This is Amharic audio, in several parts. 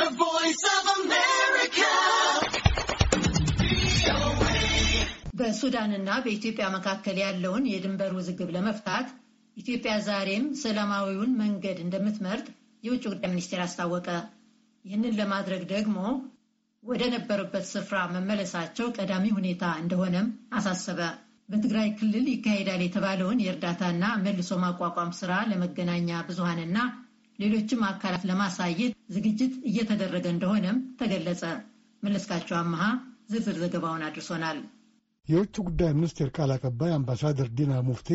The Voice of America. በሱዳንና በኢትዮጵያ መካከል ያለውን የድንበር ውዝግብ ለመፍታት ኢትዮጵያ ዛሬም ሰላማዊውን መንገድ እንደምትመርጥ የውጭ ጉዳይ ሚኒስቴር አስታወቀ። ይህንን ለማድረግ ደግሞ ወደ ነበረበት ስፍራ መመለሳቸው ቀዳሚ ሁኔታ እንደሆነም አሳሰበ። በትግራይ ክልል ይካሄዳል የተባለውን የእርዳታና መልሶ ማቋቋም ስራ ለመገናኛ ብዙሃንና ሌሎችም አካላት ለማሳየት ዝግጅት እየተደረገ እንደሆነም ተገለጸ። መለስካቸው አመሃ ዝርዝር ዘገባውን አድርሶናል። የውጭ ጉዳይ ሚኒስቴር ቃል አቀባይ አምባሳደር ዲና ሙፍቲ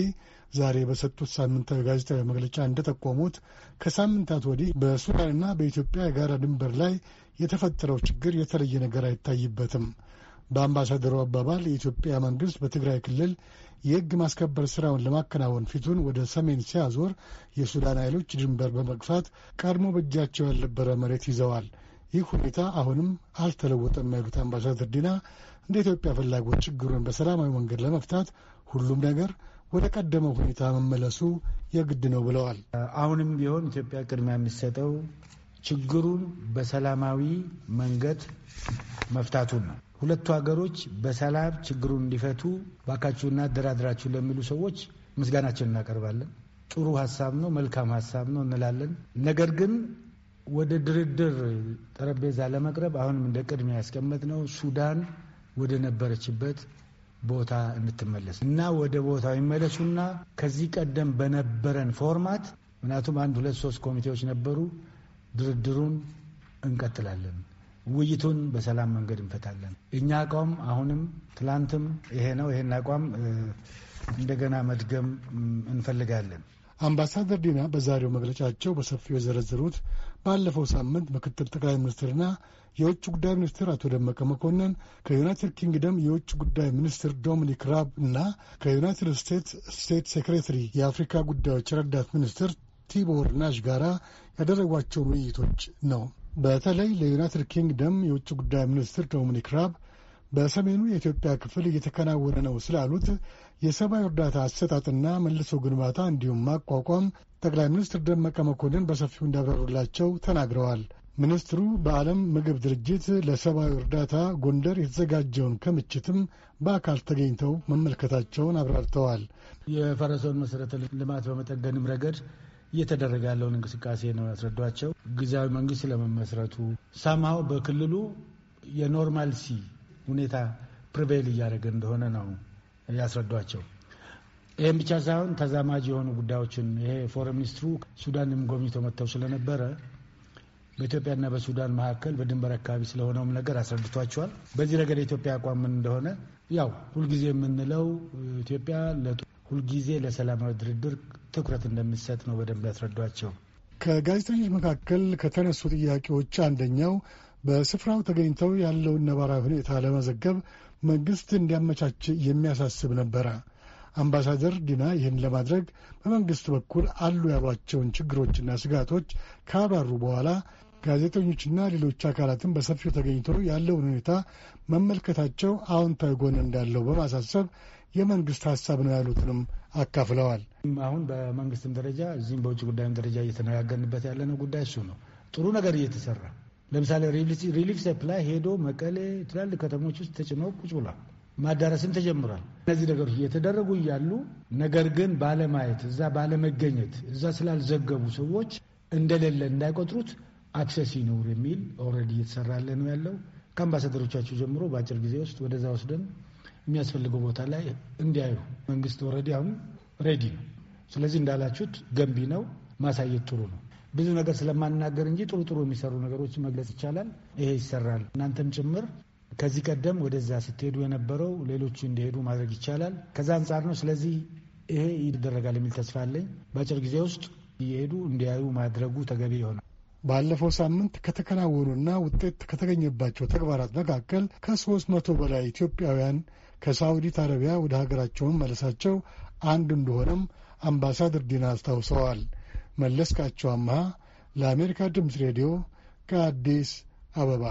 ዛሬ በሰጡት ሳምንታዊ ጋዜጣዊ መግለጫ እንደጠቆሙት ከሳምንታት ወዲህ በሱዳንና በኢትዮጵያ የጋራ ድንበር ላይ የተፈጠረው ችግር የተለየ ነገር አይታይበትም። በአምባሳደሩ አባባል የኢትዮጵያ መንግስት በትግራይ ክልል የህግ ማስከበር ስራውን ለማከናወን ፊቱን ወደ ሰሜን ሲያዞር የሱዳን ኃይሎች ድንበር በመግፋት ቀድሞ በእጃቸው ያልነበረ መሬት ይዘዋል። ይህ ሁኔታ አሁንም አልተለወጠም ያሉት አምባሳደር ዲና እንደ ኢትዮጵያ ፍላጎት ችግሩን በሰላማዊ መንገድ ለመፍታት ሁሉም ነገር ወደ ቀደመው ሁኔታ መመለሱ የግድ ነው ብለዋል። አሁንም ቢሆን ኢትዮጵያ ቅድሚያ የሚሰጠው ችግሩን በሰላማዊ መንገድ መፍታቱን ነው። ሁለቱ ሀገሮች በሰላም ችግሩን እንዲፈቱ ባካችሁና አደራድራችሁ ለሚሉ ሰዎች ምስጋናችን እናቀርባለን። ጥሩ ሀሳብ ነው፣ መልካም ሀሳብ ነው እንላለን። ነገር ግን ወደ ድርድር ጠረጴዛ ለመቅረብ አሁንም እንደ ቅድሚያ ያስቀመጥነው ሱዳን ወደ ነበረችበት ቦታ እንድትመለስ እና ወደ ቦታው ይመለሱና ከዚህ ቀደም በነበረን ፎርማት ምክንያቱም አንድ ሁለት ሶስት ኮሚቴዎች ነበሩ ድርድሩን እንቀጥላለን። ውይይቱን በሰላም መንገድ እንፈታለን። እኛ አቋም አሁንም ትላንትም ይሄ ነው። ይሄን አቋም እንደገና መድገም እንፈልጋለን። አምባሳደር ዲና በዛሬው መግለጫቸው በሰፊው የዘረዘሩት ባለፈው ሳምንት ምክትል ጠቅላይ ሚኒስትርና የውጭ ጉዳይ ሚኒስትር አቶ ደመቀ መኮንን ከዩናይትድ ኪንግደም የውጭ ጉዳይ ሚኒስትር ዶሚኒክ ራብ እና ከዩናይትድ ስቴትስ ስቴት ሴክሬታሪ የአፍሪካ ጉዳዮች ረዳት ሚኒስትር ቲቦር ናሽ ጋራ ያደረጓቸውን ውይይቶች ነው። በተለይ ለዩናይትድ ኪንግደም የውጭ ጉዳይ ሚኒስትር ዶሚኒክ ራብ በሰሜኑ የኢትዮጵያ ክፍል እየተከናወነ ነው ስላሉት የሰብአዊ እርዳታ አሰጣጥና መልሶ ግንባታ እንዲሁም ማቋቋም ጠቅላይ ሚኒስትር ደመቀ መኮንን በሰፊው እንዳብራሩላቸው ተናግረዋል። ሚኒስትሩ በዓለም ምግብ ድርጅት ለሰብአዊ እርዳታ ጎንደር የተዘጋጀውን ክምችትም በአካል ተገኝተው መመልከታቸውን አብራርተዋል። የፈረሰውን መሠረተ ልማት በመጠገንም ረገድ እየተደረገ ያለውን እንቅስቃሴ ነው ያስረዷቸው። ጊዜያዊ መንግስት ለመመስረቱ ሰማው በክልሉ የኖርማልሲ ሁኔታ ፕሪቬል እያደረገ እንደሆነ ነው ያስረዷቸው። ይህም ብቻ ሳይሆን ተዛማጅ የሆኑ ጉዳዮችን ይሄ ፎረን ሚኒስትሩ ሱዳንም ጎብኝቶ መጥተው ስለነበረ በኢትዮጵያና በሱዳን መካከል በድንበር አካባቢ ስለሆነውም ነገር አስረድቷቸዋል። በዚህ ረገድ የኢትዮጵያ አቋም ምን እንደሆነ ያው ሁልጊዜ የምንለው ኢትዮጵያ ሁልጊዜ ለሰላማዊ ድርድር ትኩረት እንደሚሰጥ ነው በደንብ ያስረዷቸው። ከጋዜጠኞች መካከል ከተነሱ ጥያቄዎች አንደኛው በስፍራው ተገኝተው ያለውን ነባራዊ ሁኔታ ለመዘገብ መንግስት እንዲያመቻች የሚያሳስብ ነበረ። አምባሳደር ዲና ይህን ለማድረግ በመንግስት በኩል አሉ ያሏቸውን ችግሮችና ስጋቶች ካብራሩ በኋላ ጋዜጠኞችና ሌሎች አካላትም በሰፊው ተገኝተው ያለውን ሁኔታ መመልከታቸው አዎንታዊ ጎን እንዳለው በማሳሰብ የመንግስት ሀሳብ ነው ያሉትንም አካፍለዋል። አሁን በመንግስትም ደረጃ እዚህም በውጭ ጉዳይም ደረጃ እየተነጋገርንበት ያለነው ጉዳይ እሱ ነው። ጥሩ ነገር እየተሰራ ለምሳሌ ሪሊፍ ሰፕላይ ሄዶ መቀሌ ትላልቅ ከተሞች ውስጥ ተጭኖ ቁጭ ብሏል። ማዳረስም ተጀምሯል። እነዚህ ነገሮች እየተደረጉ እያሉ ነገር ግን ባለማየት እዛ ባለመገኘት እዛ ስላልዘገቡ ሰዎች እንደሌለ እንዳይቆጥሩት አክሰስ ይኖር የሚል ኦልሬዲ እየተሰራለ ነው ያለው። ከአምባሳደሮቻቸው ጀምሮ በአጭር ጊዜ ውስጥ ወደዛ ወስደን የሚያስፈልገው ቦታ ላይ እንዲያዩ መንግስት ኦልሬዲ አሁን ሬዲ ነው። ስለዚህ እንዳላችሁት ገንቢ ነው፣ ማሳየት ጥሩ ነው። ብዙ ነገር ስለማናገር እንጂ ጥሩ ጥሩ የሚሰሩ ነገሮችን መግለጽ ይቻላል። ይሄ ይሰራል። እናንተም ጭምር ከዚህ ቀደም ወደዛ ስትሄዱ የነበረው ሌሎቹ እንዲሄዱ ማድረግ ይቻላል። ከዛ አንጻር ነው። ስለዚህ ይሄ ይደረጋል የሚል ተስፋ አለኝ። በአጭር ጊዜ ውስጥ እየሄዱ እንዲያዩ ማድረጉ ተገቢ ይሆናል። ባለፈው ሳምንት ከተከናወኑና ውጤት ከተገኘባቸው ተግባራት መካከል ከሦስት መቶ በላይ ኢትዮጵያውያን ከሳውዲት አረቢያ ወደ ሀገራቸው መመለሳቸው አንዱ እንደሆነም አምባሳደር ዲና አስታውሰዋል። መለስካቸው አምሃ ለአሜሪካ ድምፅ ሬዲዮ ከአዲስ አበባ